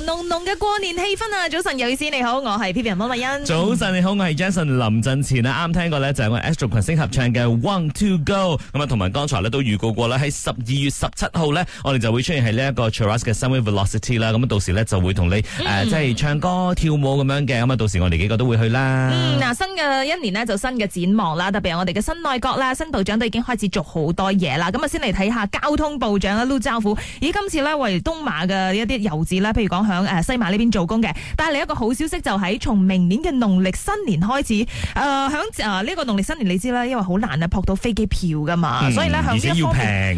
濃濃嘅過年氣氛啊！早晨，有意思，你好，我係 P P R 溫慧欣。早晨，你好，我係 Jason 林振前啊！啱聽過呢，就係我 Astro 群星合唱嘅 One To Go 咁啊，同埋剛才咧都預告過咧喺十二月十七號呢，我哋就會出現係呢一個 Cheras 嘅 Sunway Velocity 啦。咁到時呢，就會同你、嗯呃、即係唱歌跳舞咁樣嘅。咁啊，到時我哋幾個都會去啦。嗱、嗯啊，新嘅一年呢，就新嘅展望啦，特別係我哋嘅新內閣啦，新部長都已經開始做好多嘢啦。咁啊，先嚟睇下交通部長啊，陸兆福。咦，今次呢，為東馬嘅一啲游子呢，譬如講。響誒西馬呢邊做工嘅，但係嚟一個好消息就喺、是、從明年嘅農曆新年開始，誒響誒呢個農曆新年你知啦，因為好難啊，撲到飛機票噶嘛，所以咧響呢一方面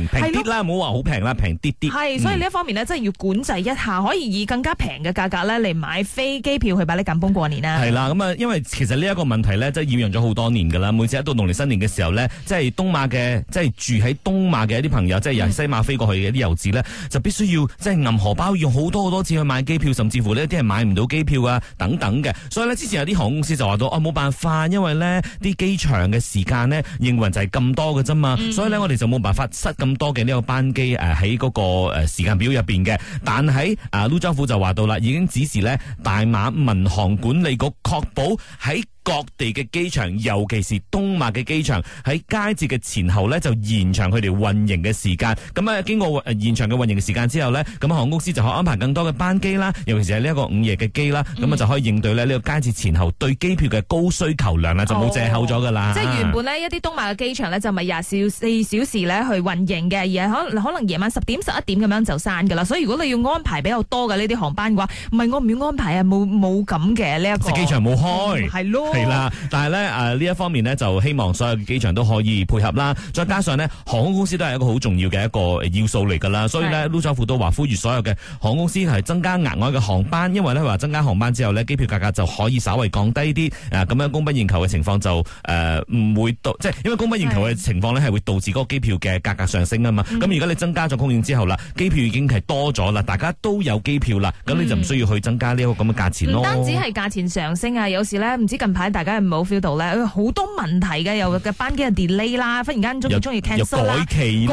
係唔好話好平啦，平啲啲。係，所以呢一方面咧，真係要管制一下，可以以更加平嘅價格咧嚟買飛機票去把啲緊繃過年啦。係啦、嗯，咁啊，因為其實呢一個問題呢，即係染揚咗好多年噶啦，每次一到農曆新年嘅時候呢，即係東馬嘅，即係住喺東馬嘅一啲朋友，嗯、即係由西馬飛過去嘅一啲遊子呢，就必須要即係揞荷包，用好多好多錢去買。機票，甚至乎呢啲係買唔到機票啊，等等嘅，所以呢，之前有啲航空公司就話到啊，冇、哦、辦法，因為呢啲機場嘅時間呢，應運就係咁多嘅啫嘛，嗯、所以呢，我哋就冇辦法塞咁多嘅呢個班機誒喺嗰個誒時間表入邊嘅。但喺啊陸兆福就話到啦，已經指示呢大馬民航管理局確保喺。各地嘅機場，尤其是東馬嘅機場，喺佳節嘅前後呢，就延長佢哋運營嘅時間。咁啊，經過延長嘅運營嘅時間之後呢，咁航空公司就可以安排更多嘅班機啦，尤其是喺呢一個午夜嘅機啦，咁啊、嗯、就可以應對咧呢個佳節前後對機票嘅高需求量啦，就冇借口咗噶啦。哦、即係原本呢，一啲東馬嘅機場呢，就咪廿四小時呢去運營嘅，而係可可能夜晚十點十一點咁樣就散噶啦。所以如果你要安排比較多嘅呢啲航班嘅話，唔係我唔要，要安排啊，冇冇咁嘅呢一個。即係機場冇開，係咯、嗯。是啦，但係咧誒呢、呃、一方面呢，就希望所有嘅機場都可以配合啦，再加上呢，航空公司都係一個好重要嘅一個要素嚟㗎啦，所以咧盧佐夫都話呼籲所有嘅航空公司係增加額外嘅航班，因為咧話增加航班之後咧機票價格就可以稍微降低啲，咁、呃、樣供不應求嘅情況就誒唔、呃、會到，即係因為供不應求嘅情況咧係是會導致嗰個機票嘅價格上升啊嘛，咁如果你增加咗供應之後啦，機票已經係多咗啦，大家都有機票啦，咁你就唔需要去增加呢一個咁嘅價錢咯。唔單止係價錢上升啊，有時咧唔知近排。大家唔好 feel 到咧，好多問題嘅，有嘅班機嘅 delay 啦，忽然間中唔中意 cancel 啦，改期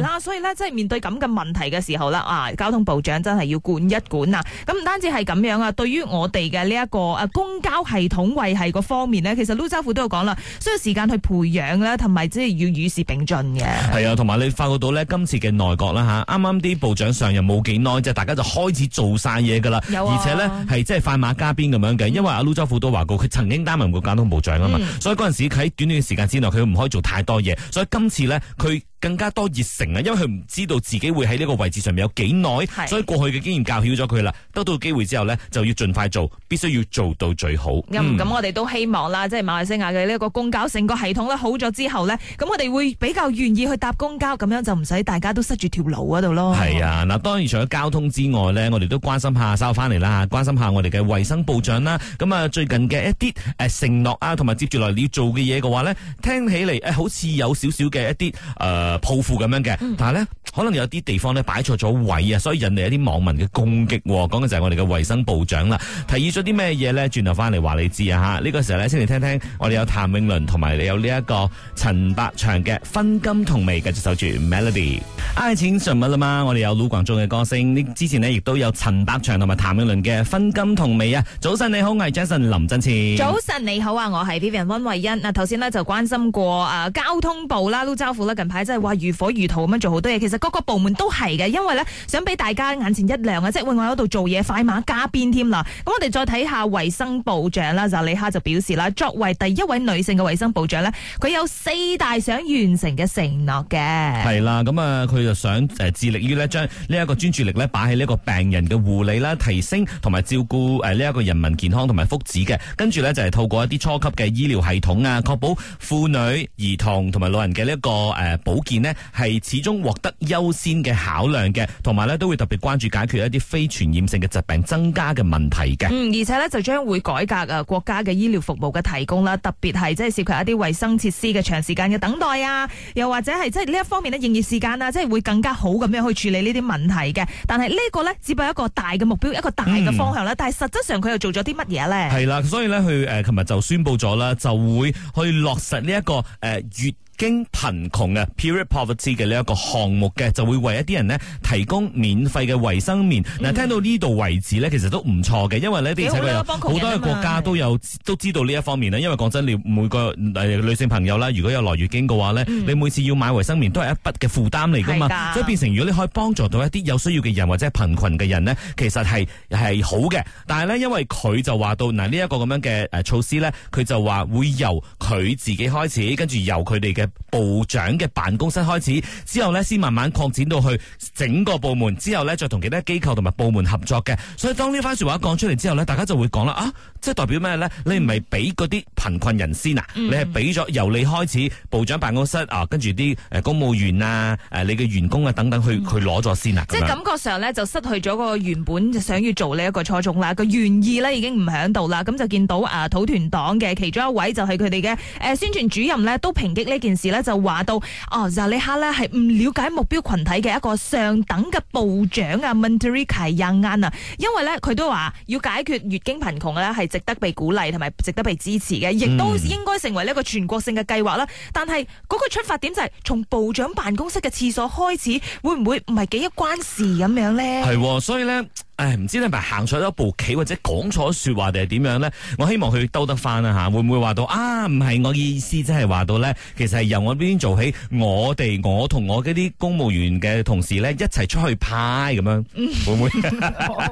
啦，所以呢，即係面對咁嘅問題嘅時候啦，啊交通部長真係要管一管啊！咁唔單止係咁樣啊，對於我哋嘅呢一個公交系統維繫個方面呢，其實陸兆福都有講啦，需要時間去培養啦，同埋即係要與時並進嘅。係啊，同埋你發覺到呢，今次嘅內閣啦嚇，啱啱啲部長上任冇幾耐就，大家就開始做晒嘢噶啦，而且呢，係即係快馬加鞭咁樣嘅，因為阿陸兆福都話過，佢曾經訂單又會搞到無障啊嘛，嗯、所以嗰陣時佢喺短短時間之內佢唔可以做太多嘢，所以今次咧佢。更加多熱誠啊，因為佢唔知道自己會喺呢個位置上面有幾耐，是所以過去嘅經驗教曉咗佢啦。得到機會之後呢，就要盡快做，必須要做到最好。咁、嗯，咁我哋都希望啦，即係馬來西亞嘅呢個公交成個系統咧好咗之後呢，咁我哋會比較願意去搭公交，咁樣就唔使大家都塞住條路嗰度咯。係啊，嗱，當然除咗交通之外呢，我哋都關心下稍翻嚟啦，關心下我哋嘅衛生部長啦。咁啊、嗯，最近嘅一啲誒承諾啊，同埋接住來你要做嘅嘢嘅話呢，聽起嚟好似有少少嘅一啲誒。呃誒，抱負咁樣嘅，但係咧可能有啲地方咧擺錯咗位啊，所以引嚟一啲網民嘅攻擊。講嘅就係我哋嘅衛生部長啦，提議咗啲咩嘢咧？轉頭翻嚟話你知啊吓，呢、這個時候咧先嚟聽聽我哋有譚詠麟同埋你有呢一個陳百祥嘅分金同味，繼續守住 melody。挨錢神物啦嘛，我哋有老廣中嘅歌聲，呢之前呢亦都有陳百祥同埋譚詠麟嘅分金同味啊。早晨你好，我係 Jason 林振前。早晨你好啊，我係 Vivian 溫慧欣。嗱，頭先呢就關心過、啊、交通部啦、都州府啦，近排真。話如火如荼咁樣做好多嘢，其實各個部門都係嘅，因為咧想俾大家眼前一亮啊，即係我喺度做嘢快馬加鞭添啦。咁我哋再睇下衛生部長啦，扎里哈就表示啦，作為第一位女性嘅衛生部長咧，佢有四大想完成嘅承諾嘅。係啦，咁啊，佢就想誒致力於咧將呢一個專注力咧擺喺呢個病人嘅護理啦，提升同埋照顧誒呢一個人民健康同埋福祉嘅。跟住咧就係透過一啲初級嘅醫療系統啊，確保婦女、兒童同埋老人嘅呢一個誒保。件呢係始終獲得優先嘅考量嘅，同埋呢都會特別關注解決一啲非傳染性嘅疾病增加嘅問題嘅。嗯，而且呢，就將會改革啊國家嘅醫療服務嘅提供啦，特別係即係涉及一啲衛生設施嘅長時間嘅等待啊，又或者係即係呢一方面呢營業時間啊，即、就、係、是、會更加好咁樣去處理呢啲問題嘅。但係呢個呢，只不過一個大嘅目標，一個大嘅方向啦。嗯、但係實質上佢又做咗啲乜嘢呢？係啦，所以呢，佢誒，琴日就宣佈咗啦，就會去落實呢、這、一個誒、呃、月。經貧窮嘅 Period Poverty 嘅呢一個項目嘅，就會為一啲人呢提供免費嘅衛生棉。嗱、嗯，聽到呢度為止為呢，其實都唔錯嘅，因為呢而且有好多嘅國家都有都知道呢一方面啦。因為講真，你每個女性朋友啦，如果有來月經嘅話呢，嗯、你每次要買衛生棉都係一筆嘅負擔嚟噶嘛。的所以變成，如果你可以幫助到一啲有需要嘅人或者貧窮嘅人呢，其實係係好嘅。但係呢，因為佢就話到嗱呢一個咁樣嘅措施呢，佢就話會由佢自己開始，跟住由佢哋嘅。部長嘅辦公室開始，之後呢，先慢慢擴展到去整個部門，之後呢，再同其他機構同埋部門合作嘅。所以當呢番話說話講出嚟之後呢，大家就會講啦，啊，即係代表咩呢？嗯、你唔係俾嗰啲貧困人、嗯、先啊？你係俾咗由你開始部長辦公室啊，跟住啲誒公務員啊，誒、啊、你嘅員工啊等等去、嗯、去攞咗先啊。即係感覺上呢，就失去咗個原本想要做呢一個初衷啦，佢、那、願、個、意呢已經唔喺度啦。咁就見到啊土團黨嘅其中一位就係佢哋嘅誒宣傳主任呢，都抨擊呢件。時咧就話到，哦，查理克咧係唔了解目標群體嘅一個上等嘅部長啊，Mandrika Young 啊，因為咧佢都話要解決月經貧窮咧係值得被鼓勵同埋值得被支持嘅，亦都應該成為一個全國性嘅計劃啦。嗯、但係嗰個出發點就係從部長辦公室嘅廁所開始，會唔會唔係幾一關事咁樣咧？係，所以咧。誒，唔知你係咪行錯咗一步棋，或者講錯說話定係點樣咧？我希望佢兜得翻啊吓，會唔會話到啊？唔係我意思，即係話到咧，其實係由我邊做起我，我哋我同我嗰啲公務員嘅同事咧，一齊出去派咁樣，嗯、會唔會？唔、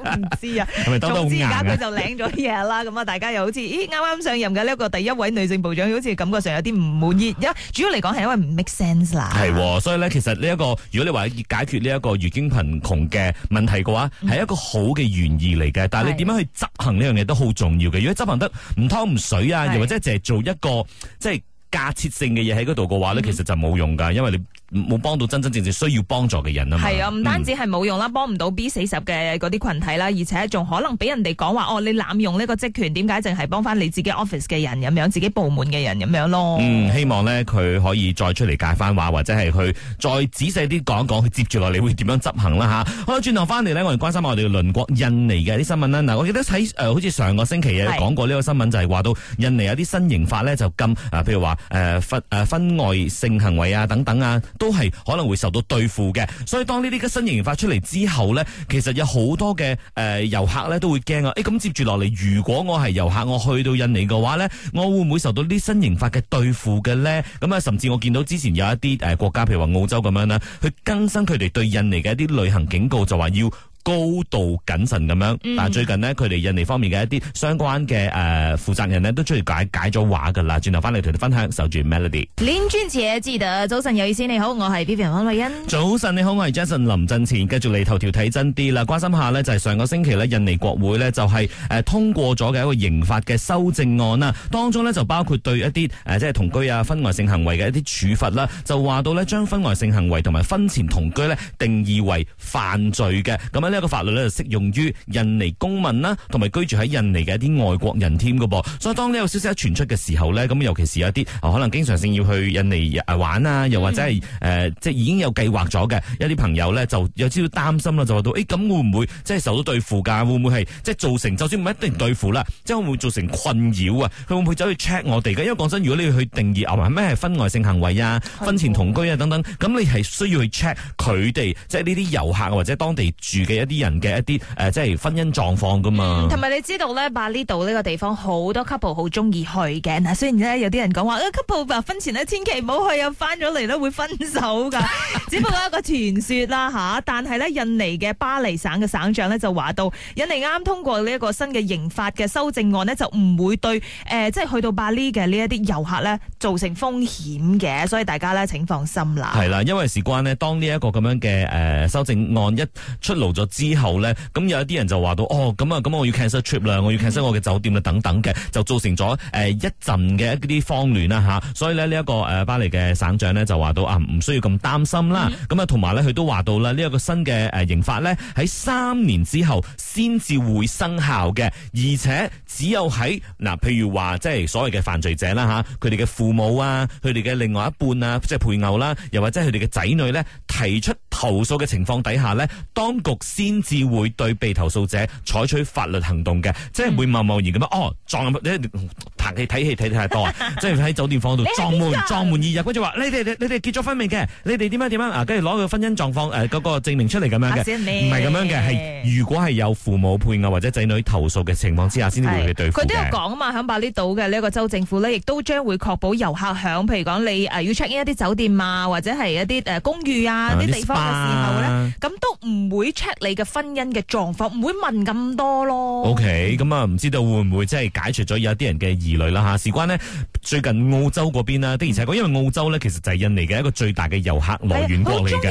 嗯、知啊，總之而家佢就領咗嘢啦。咁啊， 大家又好似，咦、哎，啱啱上任嘅呢一個第一位女性部長，好似感覺上有啲唔滿意。因為主要嚟講係因為唔 e a k e s e n 啦。係，所以咧，其實呢、這、一個，如果你話解決呢一個月經貧窮嘅問題嘅話，係一個。好嘅原意嚟嘅，但係你點樣去執行呢樣嘢都好重要嘅。是的 如果執行得唔湯唔水啊，又是的 或者淨係做一個即係假設性嘅嘢喺嗰度嘅話咧，嗯、其實就冇用㗎，因為你。冇幫到真真正正需要幫助嘅人啊嘛？係啊，唔單止係冇用啦，幫唔到 B 四十嘅嗰啲群體啦，而且仲可能俾人哋講話哦，你濫用呢個職權，點解淨係幫翻你自己 office 嘅人咁樣，自己部門嘅人咁樣咯？嗯，希望呢，佢可以再出嚟解翻話，或者係佢再仔細啲講講，佢接住落嚟會點樣執行啦吓。好啦，轉頭翻嚟呢，我哋關心下我哋嘅鄰國印尼嘅啲新聞啦。嗱，我記得喺誒、呃，好似上個星期啊，講過呢個新聞是就係話到印尼有啲新刑法咧就禁啊、呃，譬如話誒分誒婚外性行為啊等等啊。都係可能會受到對付嘅，所以當呢啲新刑法出嚟之後呢，其實有好多嘅誒、呃、遊客呢都會驚啊！誒、欸、咁接住落嚟，如果我係遊客，我去到印尼嘅話呢，我會唔會受到呢啲新刑法嘅對付嘅呢？咁啊，甚至我見到之前有一啲誒國家，譬如話澳洲咁樣啦，佢更新佢哋對印尼嘅一啲旅行警告，就話要。高度謹慎咁樣，但最近呢，佢哋印尼方面嘅一啲相關嘅誒、呃、負責人呢，都出嚟解解咗話㗎喇。轉頭返嚟同你分享，守住 Melody。連專子也知道，早晨有意思，你好，我係 B B 溫慧恩。早晨你好，我係 Jason 林振前。繼續嚟頭條睇真啲啦，關心下呢，就係、是、上個星期呢，印尼國會呢，就係、是、通過咗嘅一個刑法嘅修正案啦，當中呢，就包括對一啲誒即係同居啊、婚外性行為嘅一啲處罰啦，就話到呢，將婚外性行為同埋婚前同居呢，定義為犯罪嘅咁呢個法律咧就適用於印尼公民啦，同埋居住喺印尼嘅一啲外國人添㗎噃。所以當呢個消息一傳出嘅時候咧，咁尤其是有啲可能經常性要去印尼玩啊，又或者係誒、嗯呃、即係已經有計劃咗嘅一啲朋友咧，就有少少擔心啦，就話到誒，咁會唔會即係受到對付㗎？會唔會係即係造成，就算唔一定對付啦，即係會唔會造成困擾啊？佢會唔會走去 check 我哋嘅？因為講真，如果你要去定義啊，咩係婚外性行為啊、婚前同居啊等等，咁你係需要去 check 佢哋，即係呢啲遊客或者當地住嘅。啲人嘅一啲誒、呃，即係婚姻狀況噶嘛，同埋你知道咧，巴厘島呢個地方好多 couple 好中意去嘅。嗱，雖然咧有啲人講話，誒，couple 婚前呢千祈唔好去，啊，翻咗嚟咧會分手噶， 只不過一個傳說啦吓，但係咧，印尼嘅巴厘省嘅省長咧就話到，印尼啱啱通過呢一個新嘅刑法嘅修正案咧，就唔會對誒、呃、即係去到巴厘嘅呢一啲遊客咧造成風險嘅，所以大家咧請放心啦。係啦，因為事關咧，當呢一個咁樣嘅誒、呃、修正案一出爐咗。之後呢，咁有一啲人就話到，哦，咁啊，咁我要 cancel trip 啦，我要 cancel 我嘅酒店啦，等等嘅，就造成咗誒、呃、一陣嘅一啲慌亂啦嚇、啊。所以呢，呢、這、一個誒巴黎嘅省長呢，就話到啊，唔需要咁擔心啦。咁啊同埋呢，佢都話到啦呢一個新嘅誒刑法呢，喺三年之後先至會生效嘅，而且只有喺嗱、啊，譬如話即係所謂嘅犯罪者啦嚇，佢哋嘅父母啊，佢哋嘅另外一半啊，即係配偶啦，又或者佢哋嘅仔女呢，提出投訴嘅情況底下呢，當局先至會對被投訴者採取法律行動嘅，即係會貿貿然咁樣，嗯、哦，撞你彈戲睇戲睇太多 即係喺酒店房度撞門撞門而入，跟住話你哋你哋結咗婚未嘅？你哋點樣點樣？啊，跟住攞個婚姻狀況誒嗰、呃那個證明出嚟咁樣嘅，唔係咁樣嘅，係如果係有父母配偶或者仔女投訴嘅情況之下，先至會對佢都有講啊嘛！響峇里島嘅呢一個州政府咧，亦都將會確保遊客響譬如講你誒、呃、要 check in 一啲酒店啊，或者係一啲誒、呃、公寓啊啲、啊、地方嘅時候咧，咁 Spa? 都唔會 check。你嘅婚姻嘅狀況唔會問咁多咯。OK，咁啊，唔知道會唔會即係解除咗有啲人嘅疑慮啦？嚇，事關呢，最近澳洲嗰邊啦，的而且確，因為澳洲呢，其實就係印尼嘅一個最大嘅遊客來源國嚟嘅。係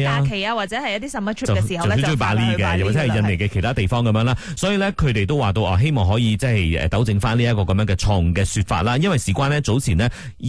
假期啊，或者係一啲 summer trip 嘅時候，或者係印尼嘅其他地方咁樣啦。所以呢，佢哋都話到希望可以即係糾正翻呢一個咁樣嘅錯誤嘅説法啦。因為事關呢，早前呢，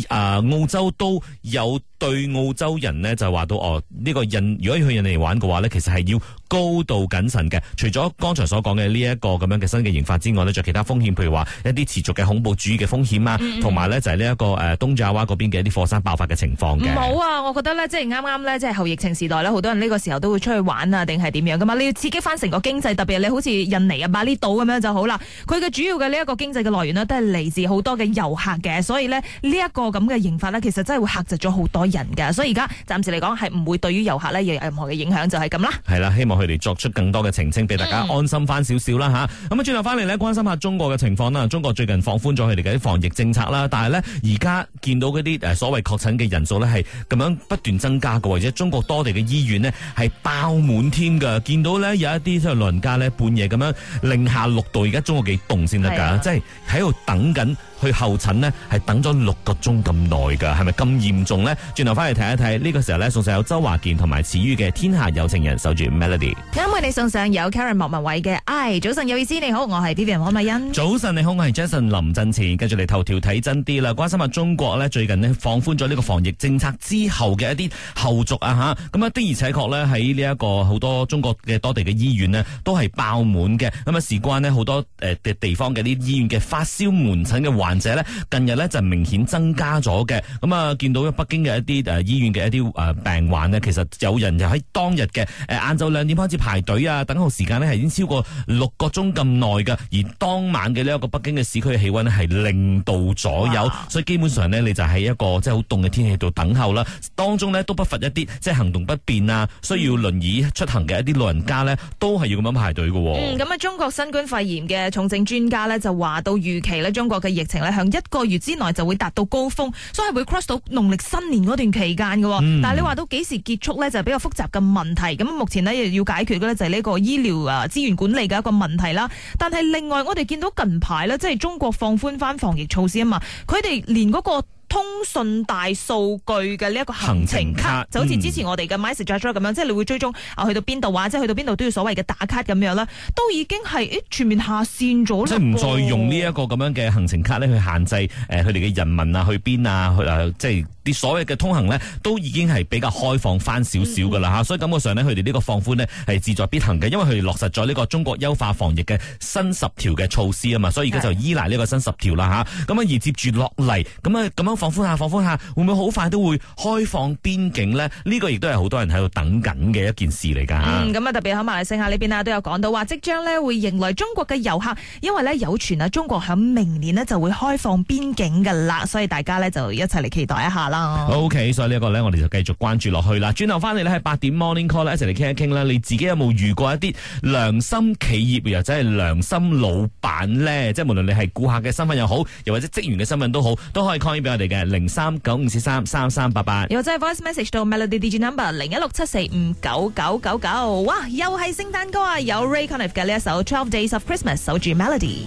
澳洲都有對澳洲人呢，就話到哦，呢個印如果要去印尼玩嘅話呢。其實係要。高度謹慎嘅，除咗剛才所講嘅呢一個咁樣嘅新嘅刑法之外呢就其他風險，譬如話一啲持續嘅恐怖主義嘅風險啊，同埋、嗯嗯、呢就係、是、呢一個誒東爪哇嗰邊嘅一啲火山爆發嘅情況嘅。冇、嗯、啊，我覺得呢，即係啱啱呢即係後疫情時代呢，好多人呢個時候都會出去玩啊，定係點樣噶嘛？你要刺激翻成個經濟，特別你好似印尼啊馬尼島咁樣就好啦。佢嘅主要嘅呢一個經濟嘅來源呢，都係嚟自好多嘅遊客嘅，所以呢，呢、這、一個咁嘅刑法呢，其實真係會嚇窒咗好多人噶。所以而家暫時嚟講係唔會對於遊客呢有任何嘅影響，就係咁啦。係啦，希望。佢哋作出更多嘅澄清，俾大家安心翻少少啦吓。咁啊、嗯，轉頭翻嚟呢，關心下中國嘅情況啦。中國最近放寬咗佢哋嘅防疫政策啦，但係呢，而家見到嗰啲誒所謂確診嘅人數呢，係咁樣不斷增加嘅，或者中國多地嘅醫院呢，係爆滿添噶。見到呢，有一啲老人家呢，半夜咁樣零下六度，而家中國幾凍先得噶？的即係喺度等緊去候診呢，係等咗六個鐘咁耐噶，係咪咁嚴重呢？轉頭翻嚟睇一睇呢、呢個時候咧，仲有周華健同埋齊豫嘅《天下有情人》守住 Melody 今日你送上有 Karen 莫文蔚嘅，哎，早晨有意思，你好，我係 B B 何美欣。早晨你好，我係 Jason 林振前。繼續嚟頭條睇真啲啦，關心下中國呢，最近呢放寬咗呢個防疫政策之後嘅一啲後續啊吓，咁啊的而且確呢喺呢一個好多中國嘅多地嘅醫院呢都係爆滿嘅，咁啊事關呢好多誒地方嘅啲醫院嘅發燒門診嘅患者呢，近日呢就明顯增加咗嘅，咁啊見到北京嘅一啲誒醫院嘅一啲誒病患呢，其實有人就喺當日嘅誒晏晝兩點。開始排隊啊，等候時間呢係已經超過六個鐘咁耐噶，而當晚嘅呢一個北京嘅市區氣溫係零度左右，哇所以基本上呢，你就喺一個即係好凍嘅天氣度等候啦。當中呢，都不乏一啲即係行動不便啊，需要輪椅出行嘅一啲老人家呢，都係要咁樣排隊嘅、啊。嗯，咁啊，中國新冠肺炎嘅重症專家呢，就話到預期呢，中國嘅疫情呢，向一個月之內就會達到高峰，所以會 cross 到農曆新年嗰段期間嘅、啊。嗯，但係你話到幾時結束呢，就係、比較複雜嘅問題。咁目前呢。又要。要解決嘅咧就係呢個醫療啊資源管理嘅一個問題啦。但係另外我哋見到近排咧，即係中國放寬翻防疫措施啊嘛，佢哋連嗰個通訊大數據嘅呢一個行程卡，程卡就好似之前我哋嘅 MySejahtera 咁樣，嗯、即係你會追蹤啊去到邊度啊，即係去到邊度都要所謂嘅打卡咁樣啦，都已經係誒全面下線咗啦，即係唔再用呢一個咁樣嘅行程卡咧去限制誒佢哋嘅人民啊去邊啊去、呃、即係。啲所謂嘅通行呢，都已經係比較開放翻少少噶啦嚇，嗯嗯、所以感覺上呢，佢哋呢個放寬呢，係志在必行嘅，因為佢哋落實咗呢個中國優化防疫嘅新十條嘅措施啊嘛，所以而家就依賴呢個新十條啦嚇。咁啊、嗯，而接住落嚟咁啊，咁樣放寬下放寬下，會唔會好快都會開放邊境呢？呢、呢個亦都係好多人喺度等緊嘅一件事嚟㗎。咁啊、嗯，特別喺馬來西亞呢邊啊，都有講到話，即將呢會迎來中國嘅遊客，因為呢，有傳啊，中國響明年咧就會開放邊境㗎啦，所以大家呢，就一齊嚟期待一下。o Hello. k、okay, 所以這個呢一個咧，我哋就繼續關注落去啦。轉頭翻嚟咧，係八點 Morning Call 一齊嚟傾一傾啦。你自己有冇遇過一啲良心企業又或者係良心老闆咧？即係無論你係顧客嘅身份又好，又或者職員嘅身份都好，都可以 call 俾我哋嘅零三九五四三三三八八。又或者 voice message 到 Melody Digi Number 零一六七四五九九九九。99 99. 哇，又係聖誕歌啊！有 Ray Conniff 嘅呢一首 Twelve Days of Christmas 守住 Melody。